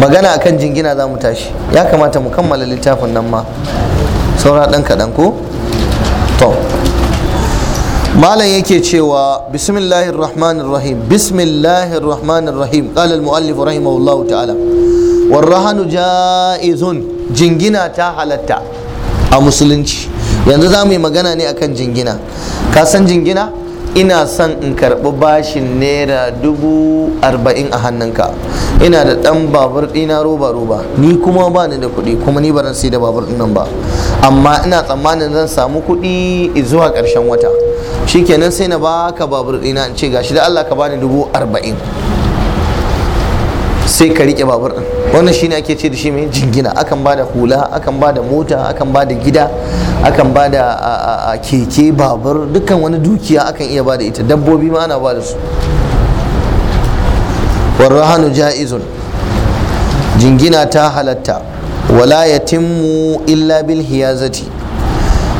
magana akan jingina za mu tashi ya kamata mu kammala littafin nan ma saura ɗan kaɗan ko to malam yake cewa bismillahir rahmanir rahim bismillahir rahmanir rahim qala al muallif rahimahullah ta'ala warrahanu ja'izun jingina ta halatta a musulunci yanzu za mu yi magana ne akan jingina ka san jingina ina son in karɓi bashin naira dubu arba'in a hannunka ina da ɗan babur ɗina roba roba ni kuma ba ni da kuɗi kuma ni ba zan sai da babur ɗin ba amma ina tsammanin zan samu kuɗi zuwa ƙarshen wata kenan sai na baka babur ɗina in ce gashi da Allah ka bani dubu arba'in sai ka riƙe babur ɗin wannan shine ake ce da shi mai jingina akan ba da hula akan ba da mota akan ba da gida akan ba da keke babur dukkan wani dukiya akan iya ba da ita dabbobi ma ana ba da su warrahanu ja'izun jingina ta halatta wala yatimmu illa bil hiyazati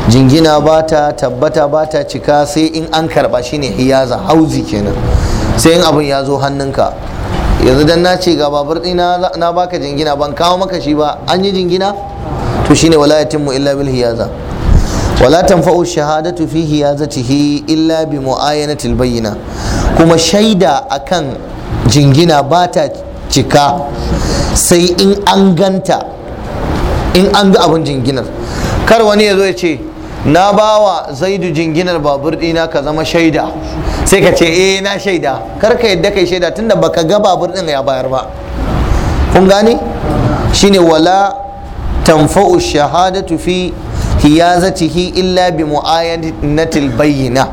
jingina ba ta tabbata ba ta cika sai in an karba shine hiyaza hauzi kenan sai in abin ya zo hannunka yanzu dan na ce ga babur ɗina na baka jingina ban kawo maka shi ba an yi jingina to shine wala yatimmu illa bil hiyaza wala tanfa'u shahadatu fi hiyazatihi illa bi mu'ayanati bayyina kuma shaida akan jingina ba ta cika sai in an ganta in an ga abin jinginar kar wani ya ya ce na bawa zaidu jinginar babur ɗina ka zama shaida sai ka ce eh na shaida kar ka yadda kai shaida tunda baka ga babur ɗin ya bayar ba kun gane shine wala tanfa'u shahadatu fi hiyazatihi illa bi mu'ayyanatil bayyina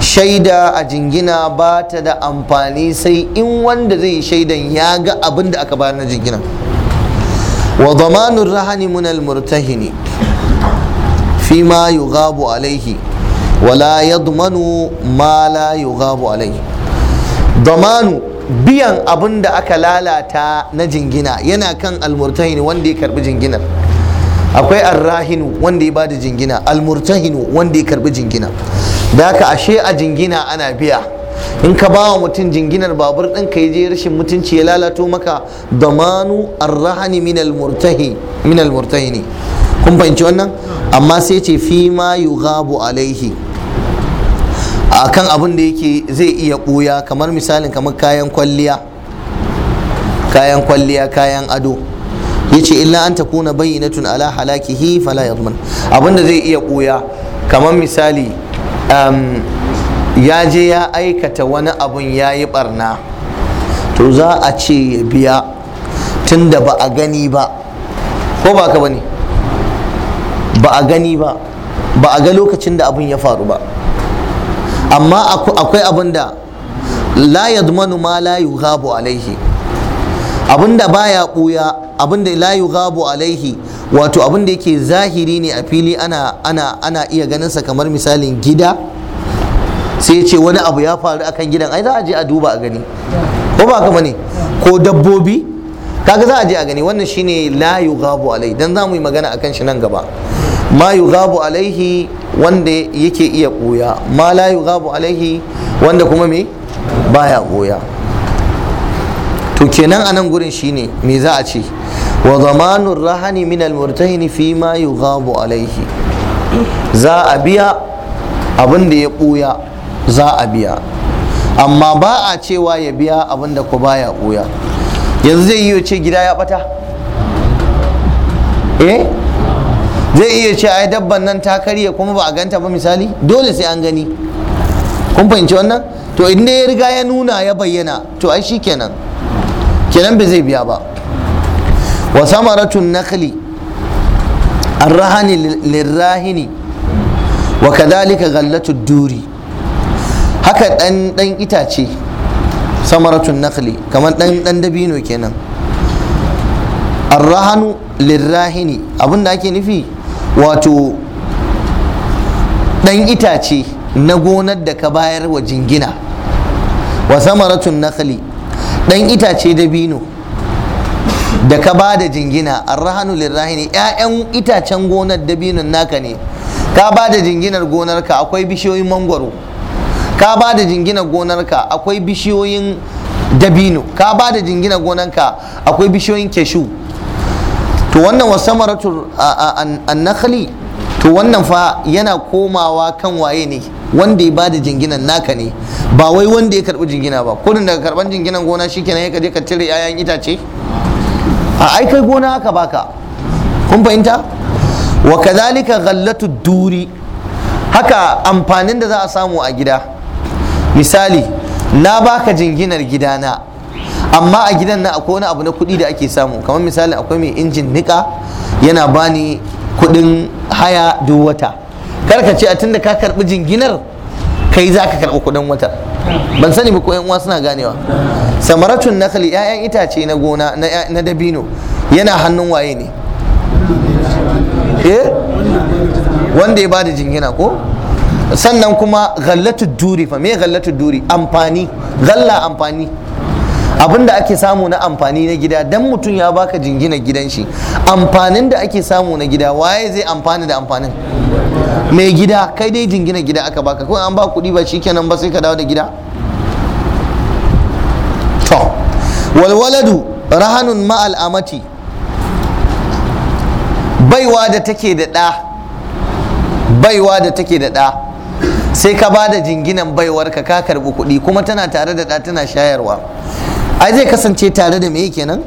shaida a jingina ba ta da amfani sai in wanda zai yi shaidan ya ga abin da aka bayar na jingina wa zamanur rahani munal murtahini fima yughabu alaihi wala yadmanu ma la yughabu alaihi damanu biyan abin da aka lalata na jingina yana kan almurtahini wanda ya karbi jinginar akwai arrahinu wanda ya bada jingina almurtahinu wanda ya karbi jingina da haka ashe a jingina ana biya in ka ba wa mutum jinginar babur ɗin ka je rashin mutunci ya lalato maka damanu arrahani min almurtahini kun fahimci wannan amma sai ce fi ma yughabu alaihi kan abin da yake zai iya ɓuya kamar misalin kamar kayan kwalliya kayan kwalliya kayan ado yace illa an takuna tun ala hi fala abin da zai iya ɓuya kamar misali um, ya je ya aikata wani abun ya yi barna to za a ce ya biya da ba a gani ba ko ba ka bane ba a gani ba ba a ga lokacin da abin ya faru ba amma akwai abin da la yadmanu ma la yughabu alaihi abin da baya ɓuya, abin da la yughabu alaihi wato abin da yake zahiri ne a fili ana iya ganin sa kamar misalin gida sai ce wani abu ya faru akan gidan ai za a je a duba a gani ko ba ka bane ko dabbobi kaga za a je a gani wannan shine la yughabu alai dan mu yi magana akan shi nan gaba ma gabu alaihi wanda yake iya koya ma la alaihi wanda kuma me baya koya to kenan anan gurin shine me za a ce wa zamanur rahani min almurtahini fi ma gabu alaihi za a biya abin da ya ɓuya za a biya amma ba a cewa ya biya abin da ku baya ɓuya yanzu zai yi ce gida ya ɓata eh zai iya ce ai dabban nan ta karye kuma ba a ganta ba misali dole sai an gani kun fahimci wannan to in dai ya riga ya nuna ya bayyana to ai shikenan kenan bai zai biya ba wa samaratun nakli arrahani lirrahini wa kadhalika ghallatu duri haka dan dan itace samaratun nakli kamar dan dan dabino kenan arrahanu lirrahini abinda ake nufi wato ɗan itace na gonar da ka bayar wa jingina wa samaratun nakali ɗan itace dabino da ka ba da jingina arrahanu lirrahini 'ya'yan itacen gonar dabinon naka ne ka ba da jinginar gonarka akwai bishiyoyin mangwaro ka ba da jinginar gonarka akwai bishiyoyin dabino ka ba da jinginar gonarka akwai bishiyoyin keshu to wannan wasamaratu nakali, to wannan fa yana komawa kan waye ne wanda ya bada jinginan naka ne ba wai wanda ya karbi jingina ba kudin daga karban jinginan gona shikenan ya kaje ka cire 'ya'yan itace a aikai gona haka baka kun fahimta wa kadhalika ghallatu duri haka amfanin da za a samu a gida misali na baka jinginar gidana amma a gidan nan akwai wani abu na kuɗi da ake samu kamar misali akwai mai injin niƙa yana bani kuɗin haya duk wata karka ce a tunda ka karɓi jinginar kai za ka karɓi kuɗin wata. ban sani ba ko yan uwa suna ganewa samaratun nakali 'ya'yan itace na gona na dabino yana hannun waye ne eh wanda ya bada jingina ko sannan kuma gallatu duri fa me gallatu duri amfani galla amfani abin da ake samu na amfani na gida dan mutum ya baka jingina gidan shi amfanin da ake samu na gida waye zai amfani da amfanin mai gida kai dai jingina gida aka baka kawai an ba kuɗi ba shikenan ba sai ka dawo da gida to walwaladu rahanun ma'al amati baiwa da take da ɗa baiwa da take da ɗa sai ka ba da jinginan baiwarka ka karɓi kuɗi kuma tana tare da ɗa tana shayarwa ai zai kasance tare da me kenan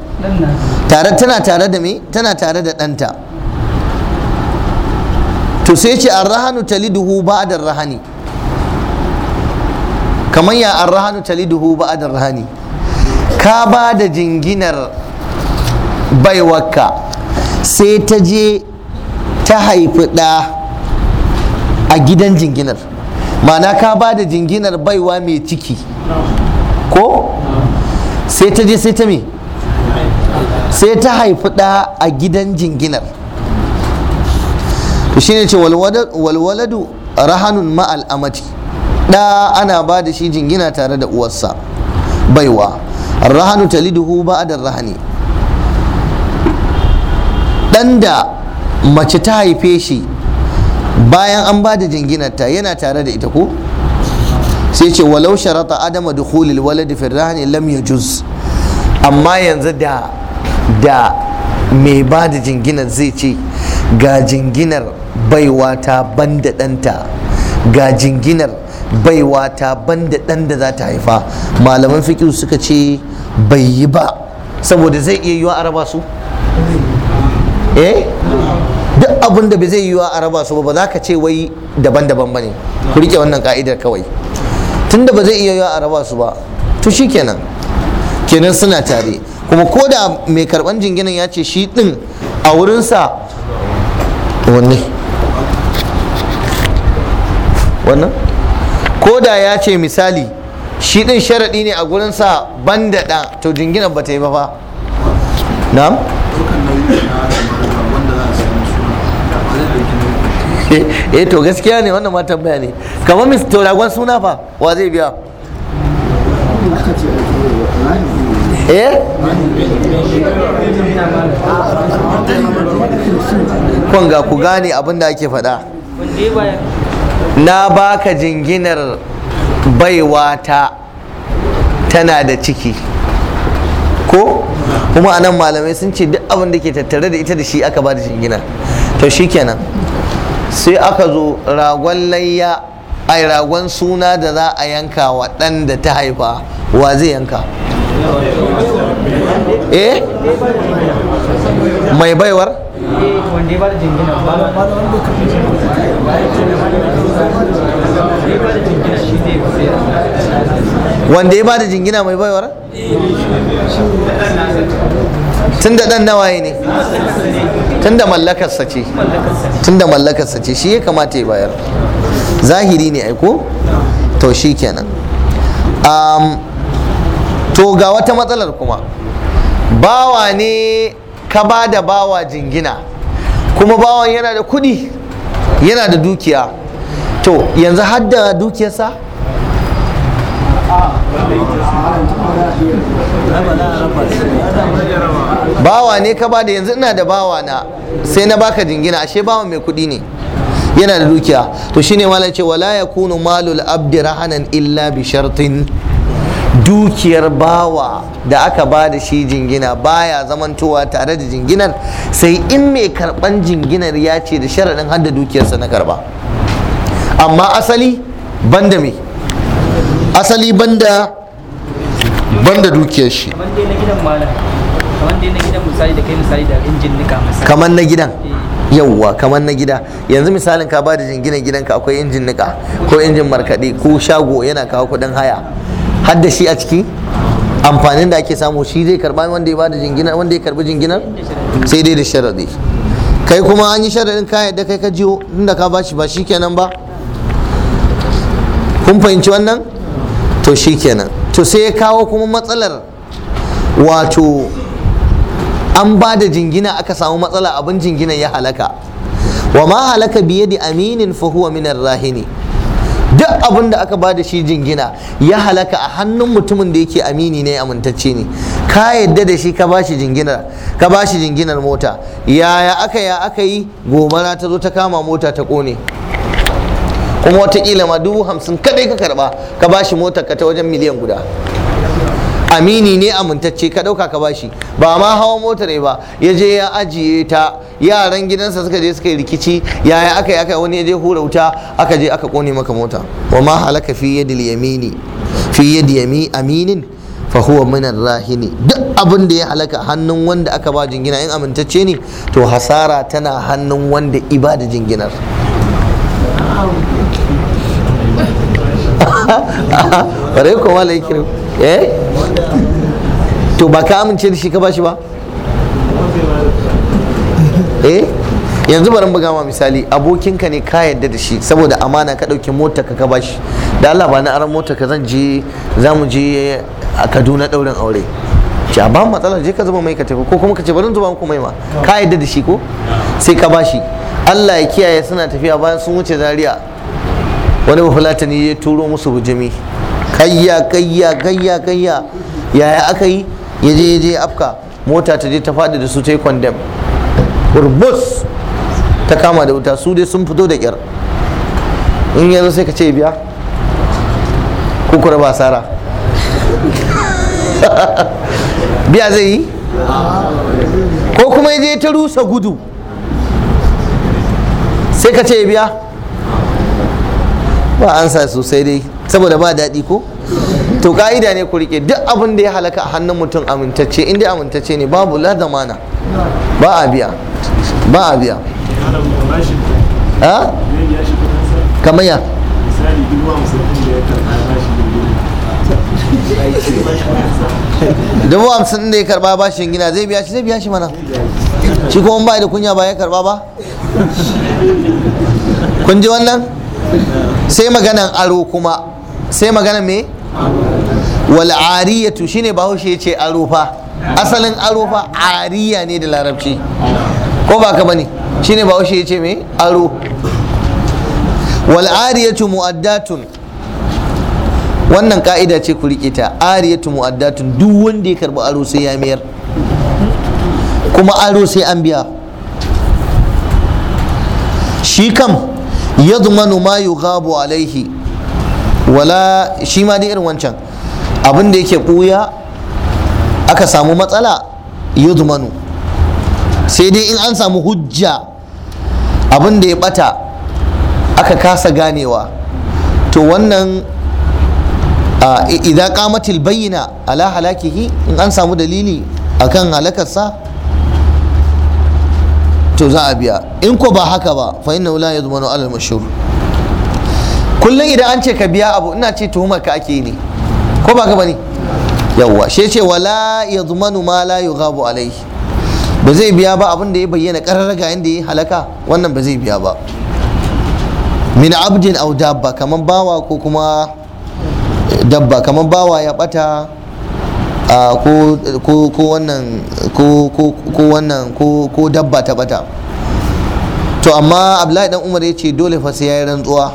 tare tana tare da me tana tare da ɗanta to sai ce arrahanu taliduhu ba'da rahani kamar ya arrahanu taliduhu ba'da rahani ka ba da jinginar baiwarka sai ta je ta haifi ɗa a gidan jinginar ma'ana ka ba da jinginar baiwa mai ciki ko sai ta je sai ta me sai ta haifi ɗa a gidan jinginar to shine ce walwaladu rahanun ma'al amati ɗa ana ba da shi jingina tare da uwarsa baiwa rahanu taliduhu da rahani ɗan da mace ta haife shi bayan an ba da jinginarta yana tare da ita ko sai ce walau sharata adama dukhulil waladi fi rahni lam yajuz amma yanzu da da mai ba da jinginar zai ce ga jinginar baiwa ta banda ɗanta ga jinginar baiwa ta banda ɗan da za ta haifa malaman fiƙi suka ce bai yi ba saboda zai iya yiwa a raba su eh duk abin da bai zai yiwa a raba su ba ba za ka ce wai daban-daban ba ne ku riƙe wannan ka'idar kawai tun da ba zai iya yawa a raba su ba to shi kenan kenan suna tare kuma ko da mai karban jinginan ya ce shi din a wurinsa wanne wannan ko da ya ce misali shi din sharaɗi ne a gurinsa ban da to jinginan ba ta yi ba fa na'am Eh, eh to gaskiya ne wannan ma tambaya ne kamar mr to suna fa wa zai biya eh kun ga ku gane abin da ake faɗa na baka jinginar baiwa ta tana da ciki ko kuma anan malamai sun ce duk abin da ke tattare da ita da shi aka ba da jingina to shikenan sai aka zo ragon layya ai ragon suna da za a yanka wa ɗan da ta haifa wa zai yanka eh mai baiwar wanda ya bada jingina mai baiwar tun da ɗan nawaye ne tun da mallakarsa ce tun da mallakarsa ce shi ya kamata ya bayar zahiri ne aiko to shi kenan to ga wata matsalar kuma bawa ne ka ba da bawa jingina kuma bawan yana da kuɗi yana da dukiya to yanzu hadda dukiyarsa bawa ne ka bada yanzu ina da bawa na sai na baka jingina ashe bawa mai kudi ne yana da dukiya to shine malam ce wala ya kunu malul abdi rahanan illa bi shartin dukiyar bawa da aka ba da shi jingina baya zamantowa tare da jinginar sai in mai karban jinginar ya ce da sharaɗin hadda dukiyarsa na karba amma asali banda mai asali banda banda dukiyar shi kamar na gidan eh. yauwa kamar na gida yanzu misalin ka ba da jinginan gidanka akwai injin nika ko injin markaɗe ko shago yana kawo kuɗin haya har da shi a ciki amfanin da ake samu shi zai karba wanda ya bada jingina wanda ya karbi jinginar sai dai da sharaɗi kai kuma an yi sharaɗin ka yadda kai ka jiyo inda ka bashi ba shi kenan ba kun fahimci wannan to shikenan to sai ya kawo kuma matsalar wato an ba da jingina aka samu matsala abin jinginan ya halaka wa ma halaka biye da aminin fahuwa minar rahini duk abin da aka ba da shi jingina ya halaka a hannun mutumin da yake amini ne amintacce ne ka yadda da shi ka ba shi jinginar ka ba shi jinginar mota yaya aka ya aka yi gobara ta zo ta kama mota ta kone kuma watakila ma dubu hamsin kadai ka karba ka bashi motar ka ta wajen miliyan guda amini ne amintacce ka dauka ka bashi ba ma hawa motar ba ya je ya ajiye ta yaran gidansa suka je suka yi rikici yaya aka yi aka wani ya je hura wuta aka je aka kone maka mota wa ma halaka fi yadi yamini fi yadi yami aminin fa huwa min rahini duk abin da ya halaka hannun wanda aka ba jingina in amintacce ne to hasara tana hannun wanda ibada jinginar bare ko wala yake eh to ba ka amince da shi ka bashi ba eh yanzu bari buga gama misali abokinka ne ka yadda da shi saboda amana ka dauke mota ka ka bashi da Allah ba na aran mota ka zan je za mu je a Kaduna daurin aure ce a ba matsala je ka zuba mai ka tafi ko kuma ka ce bari zuba muku mai ma ka yadda da shi ko sai ka bashi Allah ya kiyaye suna tafiya bayan sun wuce Zaria wani mafulatani ya turo musu bujimi kayya kayya kayya kayya yaya aka yi ya je ya je afka mota ta je ta faɗi da su ta yi kwandam. burbus ta kama da wuta su dai sun fito da kyar in yanzu sai ka ce biya kukura ba sara biya zai yi ko kuma ya je ta rusa gudu sai ka ce biya ba an sa sosai dai saboda ba daɗi ko to ka'ida ne ku rike duk abin da ya halaka a hannun mutum amintacce inda amintacce ne babu la zamana ba a biya ba a biya ha kamar ya dubu hamsin da ya karba bashin gina zai biya shi zai biya shi mana shi kuma ba da kunya ba ya karba ba kun ji wannan sai maganan aro kuma sai maganan me wal'ariyatu shine bahaushe ya ce aro fa asalin aro fa ariya ne da larabci ko ba ka bane shine bahaushe ya ce me aro wal'ariyatu mu'addatun wannan ka'ida ce ku riƙe ta ariyatu mu'addatun duk wanda ya karɓi aro sai ya mayar kuma aro sai an biya shi kam yadmanu ma yughabu alaihi wala shi ma dai irin wancan abin da yake ɓuya aka samu matsala yadmanu sai dai in an samu hujja abin da ya bata aka kasa ganewa to wannan idan kamatil bayyana ala halakihi in an samu dalili akan halakarsa to za a biya in ko ba haka ba fa inna la yadmanu alal mashhur kullum idan an ce ka biya abu ina ce tuhumar ka ake ne ko ba ka bane yawwa shi ce wala yadmanu ma la yughabu alai ba zai biya ba abin da ya bayyana ga inda ya halaka wannan ba zai biya ba min abdin aw dabba kaman bawa ko kuma dabba kaman bawa ya bata ko wannan ko dabba ta bata to amma abdullahi dan umar ya ce dole fa sai ya rantsuwa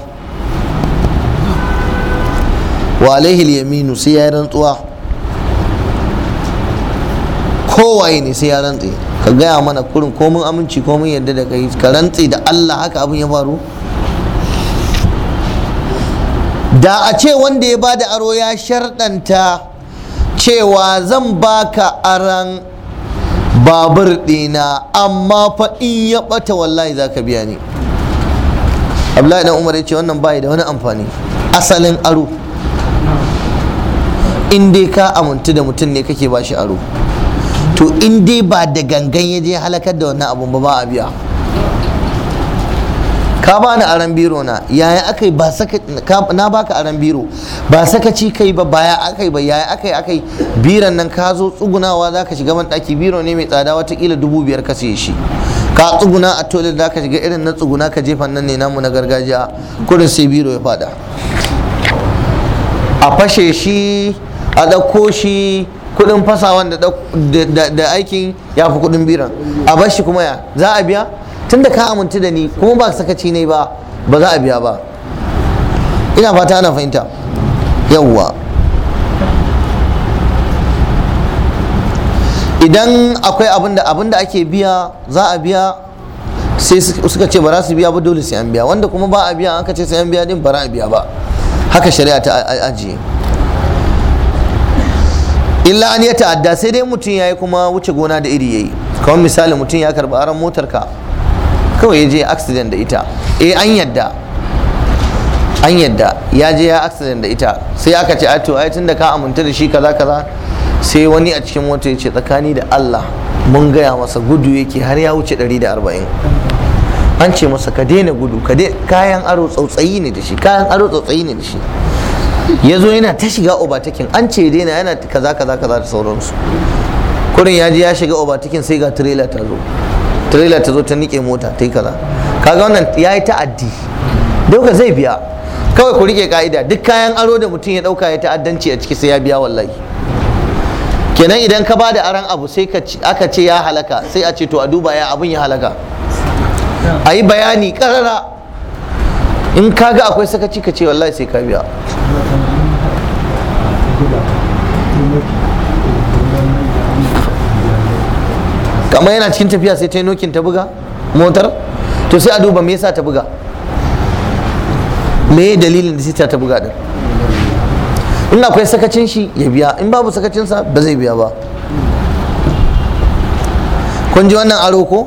wa alaihi yaminu sai ya rantsuwa kowaye ne sai ya rantsi? ka gaya mana kurin komin aminci komin yadda da kai ka rantsi da allah haka abin ya faru da a ce wanda ya bada aro ya sharɗanta cewa zan baka aran babur dina amma fa in ya bata wallahi za biya ni abdullahi dan umar ya ce wannan bai da wani amfani asalin aro in dai ka amintu da mutum ne kake bashi shi aro to in dai ba da gangan ya je halakar da wannan abun ba ba a biya ka bani aran biro na yaya akai ba saka na baka aran biro ba sakaci kai ba baya akai ba yaya akai akai biran nan ka zo tsugunawa zaka shiga man daki biro ne mai tsada watakila dubu biyar ka siye shi ka tsuguna a toilet zaka shiga irin na tsuguna ka jefa nan ne namu na gargajiya kudin sai biro ya fada a fashe shi a ɗauko shi kudin fasawan da aikin ya fi kudin biran a bashi kuma ya za a biya tunda ka amintu da ni kuma ba sakaci ne ba ba za a biya ba ina fata ana fahimta yawwa idan akwai abinda abinda ake biya za a biya sai suka ce ba za su biya ba dole sai an biya wanda kuma ba a biya aka ce sai an biya din ba za a biya ba haka shari'a ta ajiye illa an ya ta'adda sai dai mutum ya yi kuma wuce gona da iri ya yi kamar misali mutum ya karba aron motar ka kawai ya je accident da ita eh an yadda an yadda ya je ya accident da ita sai aka ce to ai tunda ka aminta da shi kaza kaza sai wani a cikin mota ya ce tsakani da Allah mun gaya masa gudu yake har ya wuce 140 an ce masa ka daina gudu ka kayan aro tsautsayi ne da shi kayan aro tsautsayi ne da shi ya zo yana ta shiga obatakin an ce daina yana kaza kaza kaza da sauransu kurin ya ji ya shiga obatakin sai ga tirela ta zo trailer ta zo ta nike mota ta yi kaza kaga wannan ya yi ta'addi dauka zai biya kawai ku rike ka'ida duk kayan aro da mutum ya dauka ya ta'addanci a ciki sai ya biya wallahi kenan idan ka bada aran abu sai aka ce ya halaka sai a ce to a duba ya abun ya halaka a yi bayani karara in kaga akwai sakaci ka ce wallahi sai ka biya kamar yana cikin tafiya sai ta nokin ta buga motar to sai a duba me yasa ta buga me dalilin da sita ta buga din in akwai sakacin shi ya biya in babu sakacin sa ba zai biya ba kun ji wannan aro ko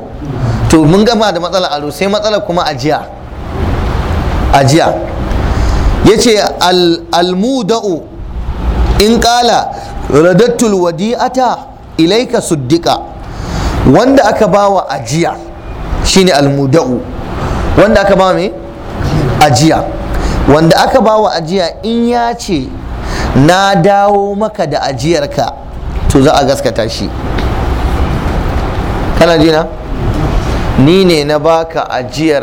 to mun gama da matsalar aro sai matsalar kuma ajiya ajiya ya ce almuda'u in kala radattul wadi'ata ilaika suddika wanda aka bawa ajiya shine almuda'u wanda aka bawa me ajiya wanda aka bawa ajiya in ya ce na dawo maka da ajiyarka to za a gaskata shi kana jina ni ne na baka ajiyar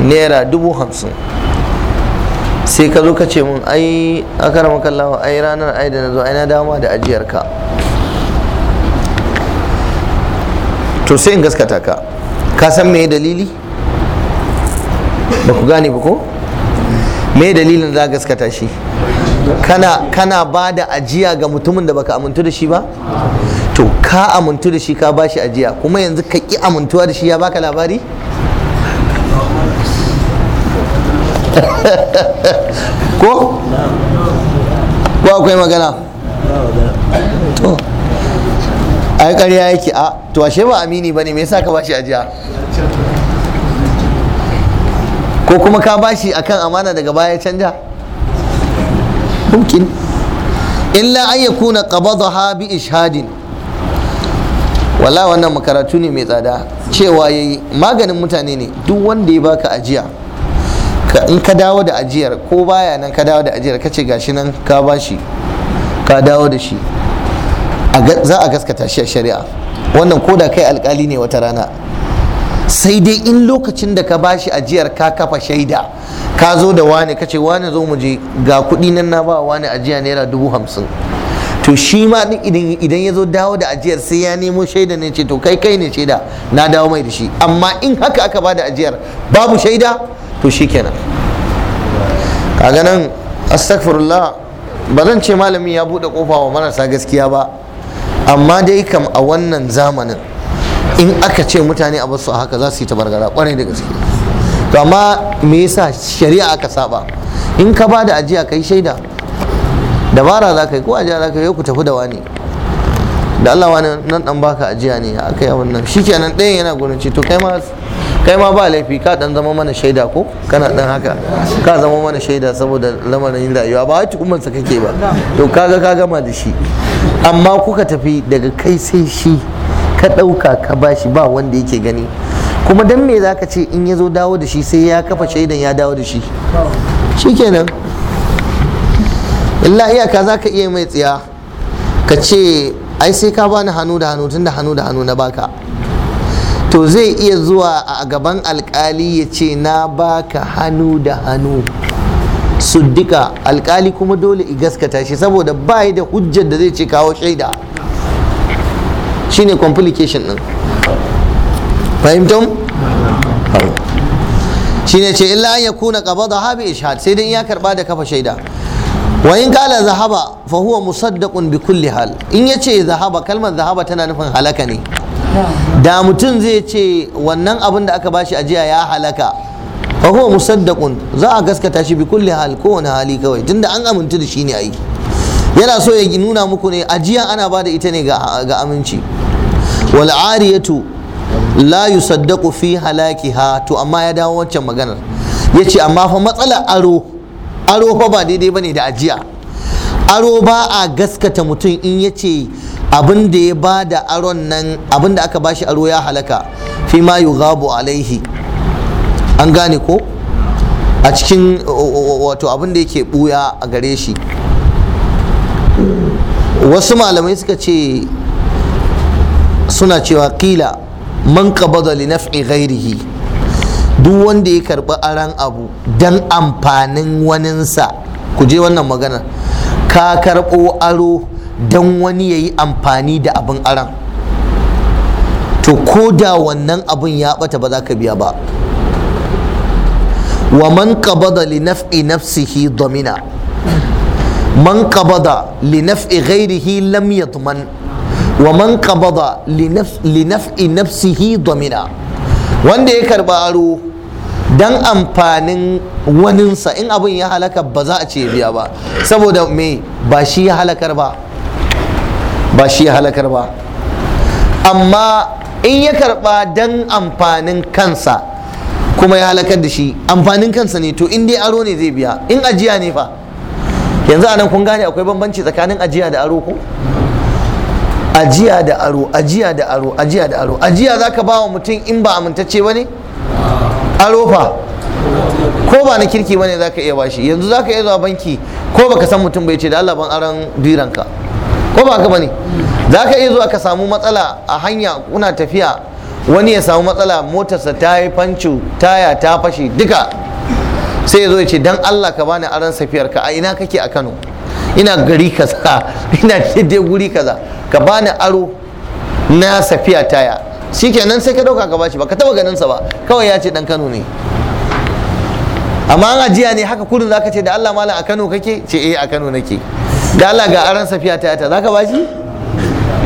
naira dubu hamsin sai ka zo ka ce mun ai akaramakallahu ai ranar ai da na zo ai na dama da ajiyarka to sai in gaskata ka ka san me dalili ba ku gane ba ko me dalilin za gaskata shi kana kana ba da ajiya ga mutumin da baka amintu da shi ba to ka amintu da shi ka ba shi ajiya kuma yanzu ka ki amintuwa da shi ya baka labari ko ko akwai magana to ai ƙarya yake a to ashe ba amini ba ne me yasa ka bashi ajiya ko kuma ka bashi akan amana daga baya canja mumkin illa an yakuna qabadaha bi ishadin wala wannan makaratu ne mai tsada cewa yayi maganin mutane ne duk wanda ya baka ajiya in ka dawo da ajiyar ko baya nan ka dawo da ajiyar ka ce gashi nan ka bashi ka dawo da shi za a gaskata shi a shari'a wannan koda kai alkali ne wata rana sai dai in lokacin da ka bashi ajiyar ka kafa shaida ka zo da wani kace wani zo mu je ga kuɗi nan na ba wani ajiya naira dubu hamsin to shi ma idan ya zo dawo da ajiyar sai ya nemo shaida ne ce to kai kai ne shaida na dawo mai da shi amma in haka aka ba da ajiyar babu shaida to shi kenan kaga nan astaghfirullah ba zan ce malami ya buɗe kofa wa marasa gaskiya ba amma dai kam a wannan zamanin in aka ce mutane a basu haka za su yi tabargara kwarai da gaske to amma me yasa shari'a aka saba in ka ba da ajiya kai shaida dabara za ka yi ko ajiya za ka yi ku tafi da wani da Allah wani nan dan baka ajiya ne a kai abin nan shikenan ɗayan yana gurin ce to kai ma kai ma ba laifi ka dan zama mana shaida ko kana dan haka ka zama mana shaida saboda lamarin rayuwa ba wai tukumansa kake ba to kaga ka gama da shi amma kuka tafi daga kai sai shi ka ɗauka ka bashi ba wanda yake gani kuma dan me zaka ce in ya zo dawo da shi sai ya kafa shaidan ya dawo da shi kenan illa iyaka zaka iya mai tsiya ka ce ai sai ka bani hannu da hannu tun da hannu da hannu na baka to zai iya zuwa a gaban alkali ya ce na baka hannu da hannu suddika alkali kuma dole i gaskata shi saboda ba yi da hujjar da zai ce kawo shaida shine complication din fahimtum shine ce illa an yakuna qabada ha bi ishad sai dai ya karba da kafa shaida wa in kala zahaba fa huwa musaddaqun bi kulli hal in yace zahaba kalmar zahaba tana nufin halaka ne da mutum zai ce wannan abin da aka bashi ajiya ya halaka fa huwa musaddaqun za a gaskata shi bi kulli hal kowane hali kawai tunda an amintu da shi ne ai yana so ya nuna muku ne ajiya ana bada ita ne ga aminci wal ariyatu la yusaddaqu fi halakiha to amma ya dawo wancan maganar yace amma fa matsalar aro aro fa ba daidai bane da ajiya aro ba a gaskata mutum in yace abin da ya bada aron nan abin da aka bashi aro ya halaka fi ma yughabu alaihi an gane ko a cikin wato abin da yake buya a gare shi wasu malamai suka ce suna cewa kila man qabada li naf'i ghairihi duk wanda ya karbi aran abu dan amfanin waninsa ku je wannan magana ka karbo aro dan wani yayi amfani da abin aran to ko da wannan abin ya bata ba za ka biya ba wa man qabada li naf'i nafsihi damina man qabada li naf'i ghayrihi lam yadman wa man qabada li naf'i nafsihi damina wanda ya karba aro dan amfanin waninsa in abin ya halaka ba za a ce biya ba saboda me ba shi ya halakar ba ba shi ya halakar ba amma in ya karba dan amfanin kansa kuma ya halakar da shi amfanin kansa ne to in dai aro ne zai biya in ajiya ne fa yanzu anan kun gane akwai bambanci tsakanin ajiya da aro ko ajiya da aro ajiya da aro ajiya da aro ajiya zaka ba wa mutum in ba amintacce ba ne aro fa ko ba na kirki bane zaka iya bashi yanzu zaka iya zuwa banki ko baka san mutum bai ce da Allah ban aran diranka ko ba ka bane zaka iya zuwa ka samu matsala a hanya kuna tafiya wani ya samu matsala motarsa ta yi fancu taya ta fashe duka sai ya zo ya ce dan Allah ka bani aran safiyar ka a ina kake a Kano ina gari kaza ina daidai guri kaza ka bani aro na safiya taya shikenan sai ka dauka ka bashi ba ka taba ganin sa ba kawai ya ce dan Kano ne amma an ajiya ne haka kudin zaka ce da Allah malam a Kano kake ce eh a Kano nake da Allah ga aran safiya taya ta zaka bashi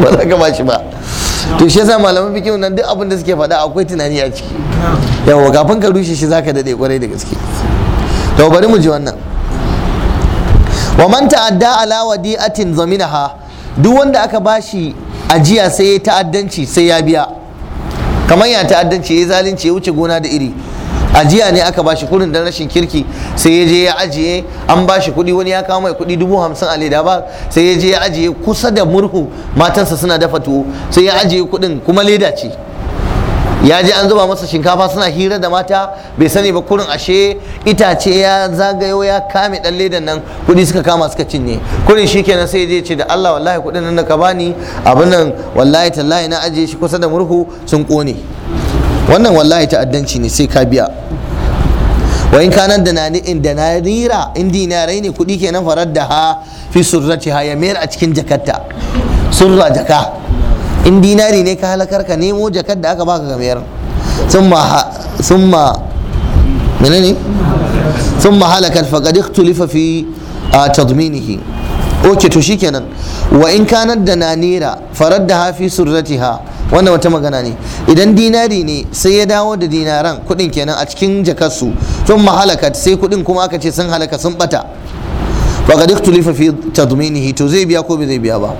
ba zaka bashi ba to shi yasa malaman fikihu nan duk abin da suke faɗa akwai tunani a ciki yawa kafin ka rushe shi zaka dade kwarai da gaske to bari mu ji wannan wa man ta'adda ala wadi'atin zaminaha duk wanda aka bashi ajiya sai ya ta'addanci sai ya biya kamar ya ta'addanci ya zalunci ya wuce gona da iri ajiya ne aka bashi kurin da rashin kirki sai ya je ya ajiye an bashi kuɗi wani ya kama mai kuɗi dubu hamsin a leda ba sai ya je ya ajiye kusa da murhu matansa suna dafa tuwo sai ya ajiye kuɗin kuma leda ce ya je an zuba masa shinkafa suna hira da mata bai sani ba kurin ashe itace ya zagayo ya kame dan ledan nan Kuɗi suka kama suka cinye kurin shikenan sai je ce da Allah wallahi kudin nan da ka bani abin nan wallahi tallahi na ajiye shi kusa da murhu sun kone wannan wallahi ta'addanci ne sai ka biya wa in kanan da nani in da narira in dinarai ne kuɗi kenan farar da ha fi surrati ha ya mayar a cikin jakarta surra jaka in dinari ne ka halakar ka nemo jakar da aka baka ka mayar summa summa menene summa halakat faqad ikhtulifa fi tadminihi okay to shikenan wa in kanar da nanira farar da ha fi surratiha wannan wata magana ne idan dinari ne sai ya dawo da dinaran kuɗin kenan a cikin jakarsu sun mahalaka sai kuɗin kuma aka ce sun halaka sun bata ba ga duk tulifa fi tadminihi to zai biya ko bai zai biya ba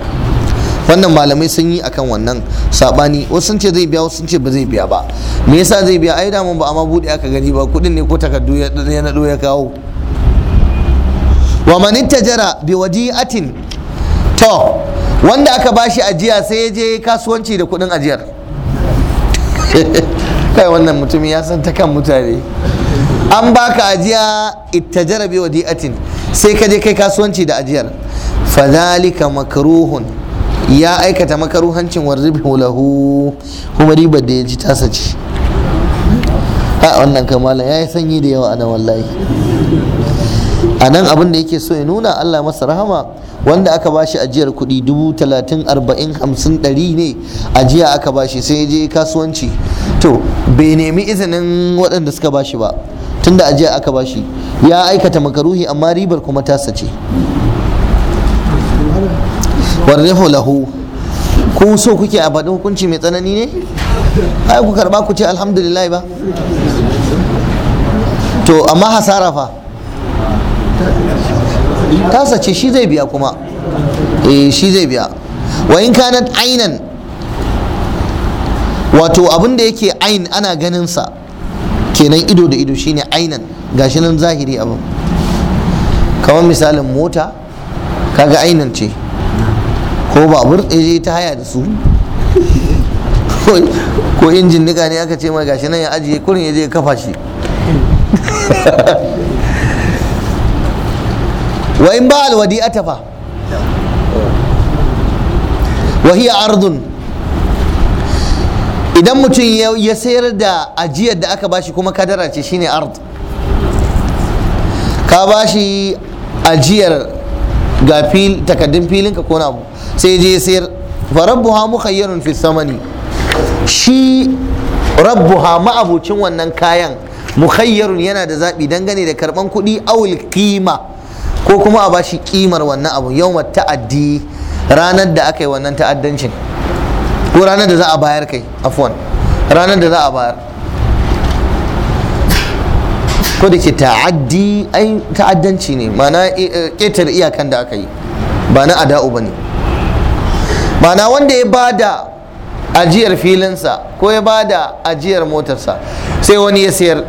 wannan malamai sun yi akan wannan sabani wasu sun ce zai biya wasu sun ce ba zai biya ba me yasa zai biya ai damun ba amma bude aka gani ba kuɗin ne ko takardu ya nado ya kawo wa man tajara bi wadi'atin to wanda aka ba shi ajiya sai ya je kasuwanci da kuɗin ajiyar kai wannan mutum ya san ta kan mutane an baka ajiya ittajara bi wadi'atin sai ka je kai kasuwanci da ajiyar fadhalika makruhun ya aikata makaruhancin warzibu lahu kuma ribar da ya ci tasa ci a wannan kamala ya yi sanyi da yawa ana wallahi a nan abin da yake so ya nuna Allah masa rahama wanda aka bashi ajiyar kuɗi dubu talatin arba'in hamsin ɗari ne ajiya aka bashi sai je kasuwanci to bai nemi izinin waɗanda suka bashi ba tunda ajiya aka bashi ya aikata makaruhi amma ribar kuma ta sace lahu ku so kuke a faɗi hukunci mai tsanani ne ai ku karɓa ku ce alhamdulillah ba to amma hasara fa tasa ce shi zai biya kuma eh shi zai biya wa in kana ainan wato abin da yake ain ana ganin sa kenan ido da ido shine ainan gashi nan zahiri abin kamar misalin mota kaga ainan ce ko babur ɗaya ta haya da su ko injin nika ne aka ce mai gashi nan ya ajiye kurin ya je kafa shi wa in ba alwadi'ata fa wa hiya ardun idan mutum ya sayar da ajiyar da aka bashi kuma kadara ce shine ard ka bashi ajiyar ga takaddun filinka ko na abu sai je ya sayar fa rabbuha mukhayyarun fi samani shi rabbuha ma'abucin wannan kayan mukhayyarun yana da zaɓi dangane da karɓan kuɗi awul kima ko kuma a bashi kimar wannan abu yawma ta'addi ranar da aka yi wannan ta'addancin ko ranar da za a bayar kai afwan ranar da za a bayar ko da ke ta'addi ai ta'addanci ne mana eh, eh, ƙetare iyakan da aka yi ba na ada'u ba ne mana wanda ya ba da ajiyar filinsa ko ya ba da ajiyar motarsa sai wani ya sayar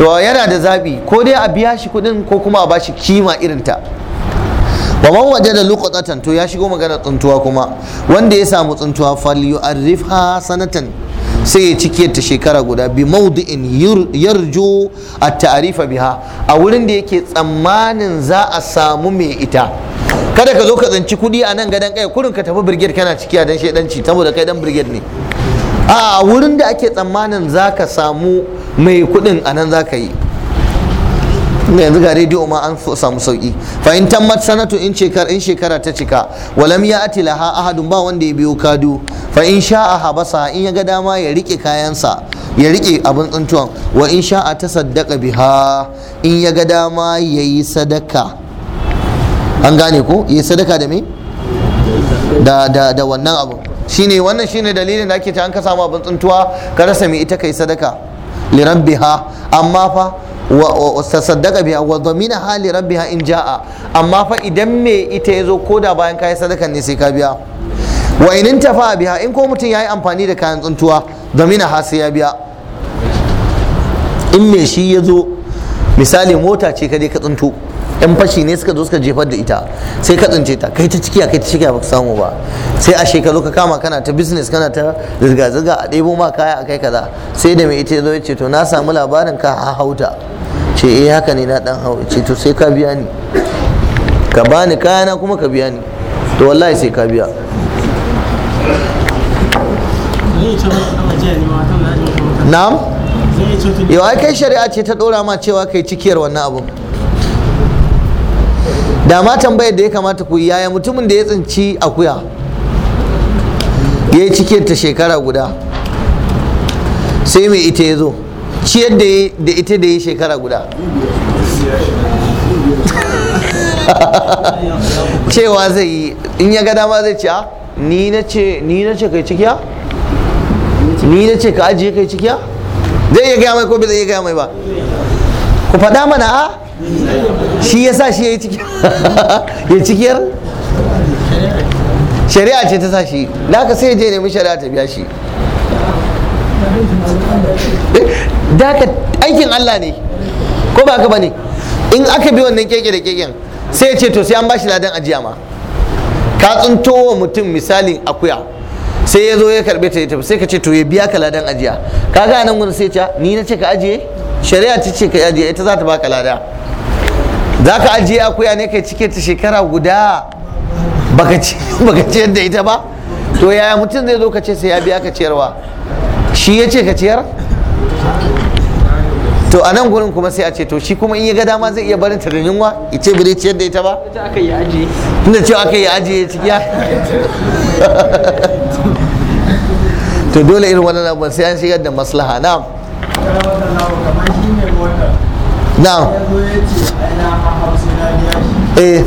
to yana da zabi ko dai a biya shi kuɗin ko kuma a bashi kima irinta wa man da luqatan to ya shigo magana tsuntuwa kuma wanda ya samu tsuntuwa falyu'arrifha sanatan sai ya cike ta shekara guda bi maudi'in yarju at-ta'rifa biha a wurin da yake tsammanin za a samu mai ita kada ka zo ka tsinci kudi a nan gadon kai kurin ka tafi brigade kana ciki a dan shedanci saboda kai dan brigade ne a wurin da ake tsammanin za ka samu mai kuɗin a nan za ka yi inda yanzu ga rediyo ma an samu sauki fa in tammat sanatu in shekara ta cika walam ya ati laha ahadun ba wanda ya biyo kadu fa in sha'a habasa in ya ga dama ya rike kayansa ya rike abin tsuntuwan wa in sha'a ta saddaka biha in ya ga dama ya yi sadaka an gane ko ya yi sadaka da me da da da wannan abu shine wannan shine dalilin da ake ta an ka samu abin tsintuwa ka rasa me ita kai sadaka liran biha amma fa wa biha wa ha liran biha in jaa amma fa idan me ita yazo koda bayan kayi sadakan ne sai ka biya wa tafa a biha in ko mutum yayi amfani da kayan tsuntuwa ha sai ya biya in me shi yazo misali mota ce ka dai ka tsinto yan fashi ne suka zo suka jefar da ita sai ka tsince ta kai ta cikiya kai ta cikiya baka samu ba sai a shekaru ka kama kana ta business kana ta zirga zirga a ɗebo ma kaya a kai kaza sai da mai ita zo ya ce to na samu labarin ka ha hauta ce eh haka ne na dan hau ce to sai ka biya ni ka bani na kuma ka biya ni to wallahi sai ka biya na'am yau ai kai shari'a ce ta dora ma cewa kai cikiyar wannan abu da ma tambayar da ya kamata ku yaya mutumin da ya tsinci akuya ya yi cikiyar ta shekara guda sai mai ita ya zo ciyar da ita da ya shekara guda cewa zai yi in ya ga dama zai ce a ni na ce kai cikiya ni na ce ka ajiye kai cikiya zai iya gaya mai ko bai zai iya gaya mai ba ku faɗa mana a shi ya sa shi ya yi cikiyar shari'a ce ta sa shi da sai sai je nemi shari'a ta biya shi eh, da ka aikin Allah ne ko ba ka ba ne in aka bi wannan keke da keken sai ya ce to sai an ba shi ladan ajiya ma ka tsunto wa mutum misalin akuya sai ya zo ya karbe ta ita tafi sai ka ce to ya biya ka ladan ajiya kaga nan gurin sai ta ni na ce ka ajiye shari'a ta ce ka ajiye ita za ta baka lada za ka ajiye akuya ne kai cike ta shekara guda baka ce yadda ita ba to yaya mutum zai zo ka ce sai ya biya ka ciyarwa shi ya ce ka ciyar to a nan gurin kuma sai a ce to shi kuma in ya ga dama zai iya barin ta da yunwa ya ce bai ciyar da ita ba ce aka yi ajiye tunda cewa aka yi cikiya to dole irin wannan abubuwan sai an shigar da maslaha na na eh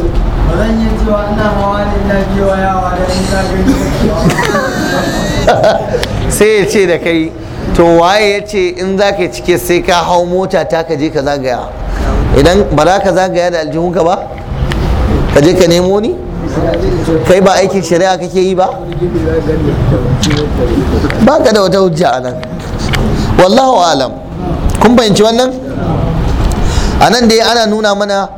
sai ya ce da kai to waye ya ce in za ka cike sai ka hau mota ta ka je ka zagaya idan ba za ka zagaya da ka ba ka je ka nemo ni kai ba aikin shari'a kake yi ba ba ka da wata hujja a nan wallahu alam kun fahimci wannan a nan dai ana nuna mana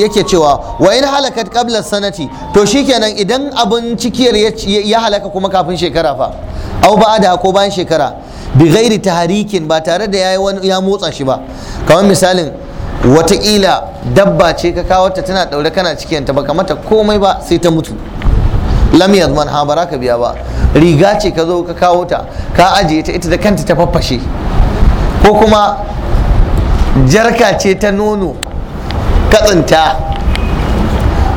yake cewa wa in halakat qabla sanati to shikenan idan abin cikiyar ya halaka kuma kafin shekara fa au ba da ko bayan shekara bi ta taharikin ba tare da ya motsa shi ba kamar misalin watakila dabba ce ka kawo ta tana daure kana cikin ta baka mata komai ba sai ta mutu lam yazman ha baraka biya ba riga ce ka zo ka kawo ta ka ajiye ta ita da kanta ta faffashe ko kuma jarka ce ta nono katsinta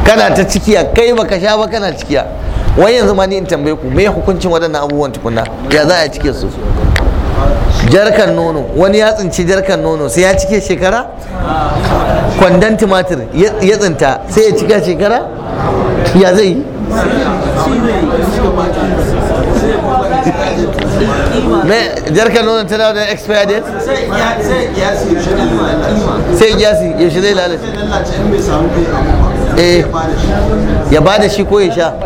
kana ta cikiya kai baka sha ba kana cikiya wai yanzu ma ni in tambaye ku me hukuncin waɗannan abubuwan tukunna ya za a cike su jarkan nono wani ya tsinci jarkan nono sai ya cike shekara kwandon tumatir ya tsinta sai ya cika shekara ya zai yi jarkan nono tana da expired date sai ya kiyasi ya shi zai lalace eh ya da shi ko ya sha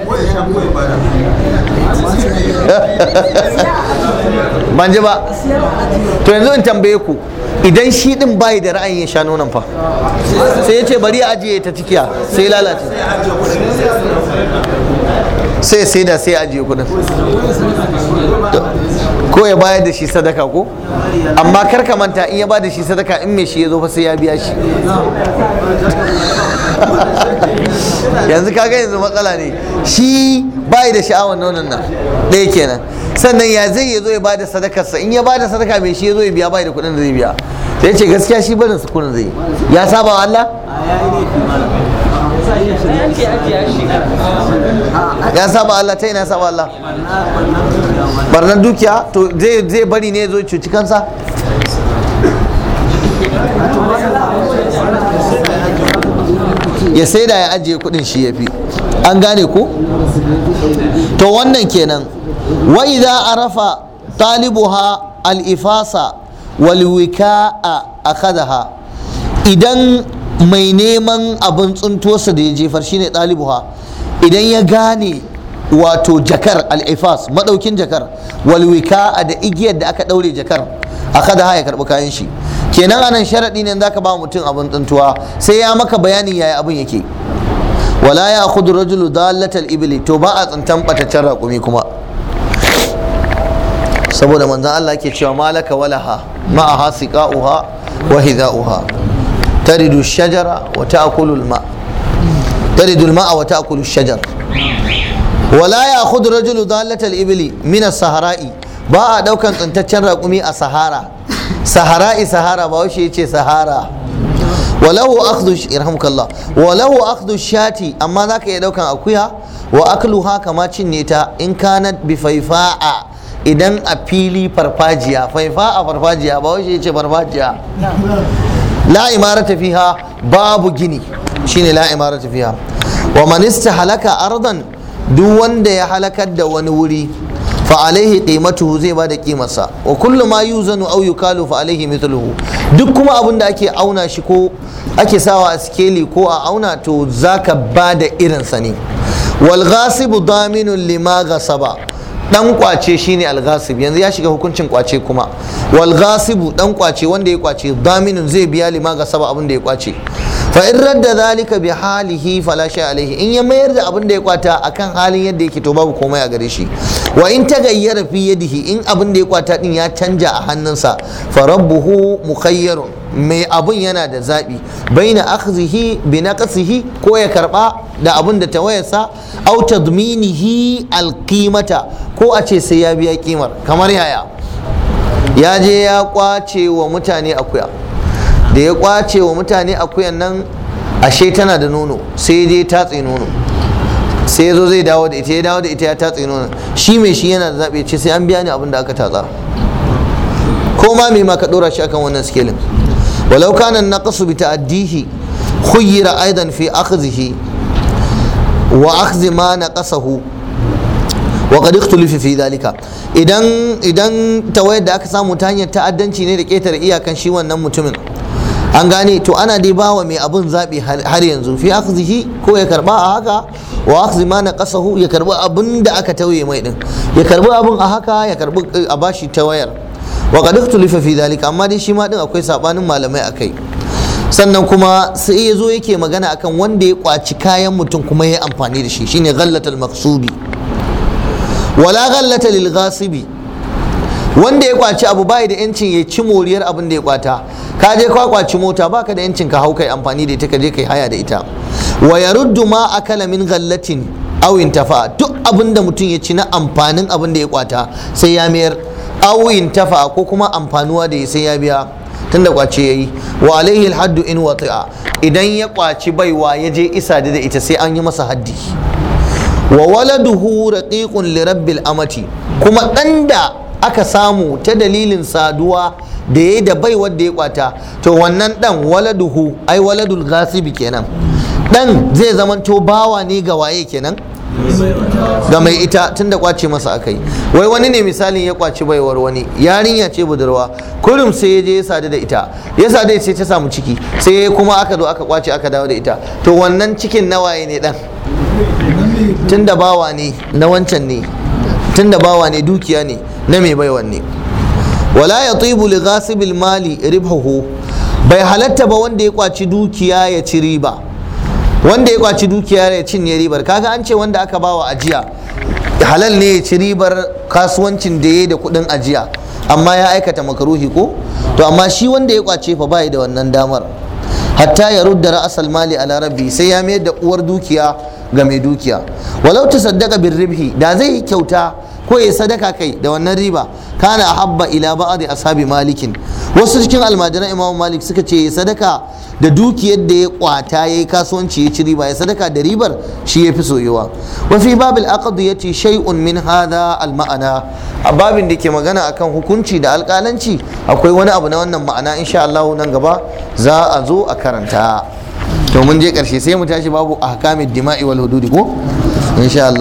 ban ji ba to yanzu in tambaye ku idan shi din bayi da ra'ayin ya sha nonon fa sai ya ce bari ya ajiye ta cikiya sai lalace sai sai da sai ajiye kudin ko ya bayar da shi sadaka ko amma kar ka manta in ya ba da shi sadaka in mai shi ya zo fa sai ya biya shi yanzu kaga yanzu matsala ne shi bai da sha'awar nonon nan ɗaya kenan sannan ya zai ya zo ya bada sadakarsa in ya bada sadaka mai shi ya zo ya biya bai da kuɗin da zai biya sai ce gaskiya shi barin su kuɗin zai ya saba wa Allah ya saba Allah ta na saba Allah barnar dukiya to zai bari ne zo cuci kansa ya sai da ya ajiye kudin shi ya fi an gane ku to wannan kenan wai wa idza arafa talibuha al-ifasa a wika'a akhadaha idan mai neman abin tsuntuwarsa da ya jefar shine ɗalibuha idan ya gane wato jakar al'ifas maɗaukin jakar walwika da igiyar da aka ɗaure jakar a kada ya karɓi kayan shi kenan anan sharaɗi ne zaka ba mutum abin tsuntuwa sai ya maka bayanin yaya abin yake wala ya khudu rajulu dalatal ibili to ba a tsintan bataccen raƙumi kuma saboda manzan Allah ke cewa malaka walaha ma'aha uha wa uha. taridu shajara wa ta'kulu al-ma shajar wala ya khudhu rajulu dalatal ibli min as-sahara'i ba a daukan tsantaccen raƙumi a sahara sahara'i sahara ba wace yace sahara walahu akhdhu irhamkallah walahu shati amma zaka iya ɗaukan akuya wa haka ma cinye ta in kanat bi idan a fili farfajiya farfajiya ba farfajiya la imarata fiha babu gini shine la imarata fiha wa man istahlaka ardan duk wanda ya halakar da wani wuri fa alaihi qimatuhu zai bada kimarsa wa kullu ma yuzanu aw yukalu fa alaihi mithluhu duk kuma abin da ake auna shi ko ake sawa a sikeli ko a auna to zaka bada irin sa ne wal ghasibu daminun lima ghasaba dan kwace shine ne yanzu ya shiga hukuncin kwace kuma wal ghasibu dan kwace wanda ya kwace daminin zai biya lima ga saba abin da ya kwace fa in radda zalika bi halihi fala shay alaihi in ya mayar da abin da ya kwata akan halin yadda yake to babu komai a gare shi wa in tagayyara fi yadihi in abin da ya kwata din ya canja a hannunsa fa rabbuhu mukhayyarun mai abin yana da zaɓi baina akhzihi bi naqsihi ko ya karba da abin da tawayarsa au tadminihi alqimata ko a ce sai ya biya kimar kamar yaya ya je ya kwace wa mutane akuya da ya kwace wa mutane akuyan nan ashe tana da nono sai je tatsi nono sai zo zai dawo da ita ya dawo da ita ya tatse nono shi mai shi yana da zaɓe ce sai an biya ni abin da aka tatsa ko ma me ma ka ɗora shi akan wannan sikelin walau kana naqsu bi ta'addihi khuyyira aidan fi akhdhihi wa akhdhi ma naqasahu wa qad ikhtulifa fi dhalika idan idan tawayar da aka samu ta hanyar ta'addanci ne da ƙetare iyakan shi wannan mutumin an gane to ana dai bawa mai abun zaɓi har yanzu fi akhzihi ko ya karba a haka wa akhzi ma na qasahu ya abin da aka tauye mai din ya karbi abin a haka ya karbi a bashi ta wayar wa qad ikhtulifa fi dhalika amma dai shi ma din akwai sabanin malamai akai sannan kuma sai ya zo yake magana akan wanda ya kwaci kayan mutum kuma ya yi amfani da shi shine ghallatul maqsubi wala ghallata lil ghasibi wanda ya kwaci abu bai da yancin ya ci moriyar abin da ya kwata ka je ka kwaci mota ka da yancin ka hau kai amfani da ita ka je kai haya da ita wa yaruddu ma akala min ghallatin aw intafa duk abin da mutum ya ci na amfanin abin da ya kwata sai ya mayar aw intafa ko kuma amfanuwa da sai ya biya tunda kwace yayi wa alaihi alhaddu in wati'a idan ya kwaci baiwa ya je isa da ita sai an yi masa haddi wa waladuhu raqiqun li rabbil amati kuma dan da aka samu ta dalilin saduwa da ya yi da bai wadda ya kwata to wannan dan waladuhu ai waladul ghasibi kenan dan zai zamanto bawa ne ga waye kenan ga mai ita tun da kwace masa aka yi wai wani ne misalin ya kwaci baiwar wani yarinya ce budurwa kurum sai ya je ya sadu da ita ya sadu sai ta samu ciki sai kuma aka zo aka kwace aka dawo da ita to wannan cikin nawaye ne dan tun da bawa ne na wancan ne tun da bawa ne dukiya ne na mai baiwan ne wala ya tsibu li ghasibil mali ribhuhu bai halatta ba wanda ya kwaci dukiya ya ci riba wanda ya kwaci dukiya ya cinye ribar kaga an ce wanda aka bawa ajiya halal ne ya ci ribar kasuwancin da ya da kudin ajiya amma ya aikata makaruhi ko to amma shi wanda ya kwace fa bai da wannan damar hatta ya rudda ra'asal mali ala rabbi sai ya mayar da uwar dukiya ga mai dukiya walau ta saddaka bin ribhi da zai kyauta ko ya sadaka kai da wannan riba kana habba ila ba'd ashabi malikin wasu cikin almajiran imamu malik suka ce ya sadaka da dukiyar da ya kwata yayi kasuwanci ya ci riba ya sadaka da ribar shi yafi soyuwa wa fi babil aqd yace shay'un min hadha al ma'ana a babin da ke magana akan hukunci da alƙalanci akwai wani abu na wannan ma'ana insha Allah nan gaba za a zo a karanta to mun je karshe sai mu tashi babu ahkamid dima'i wal hududi ko insha Allah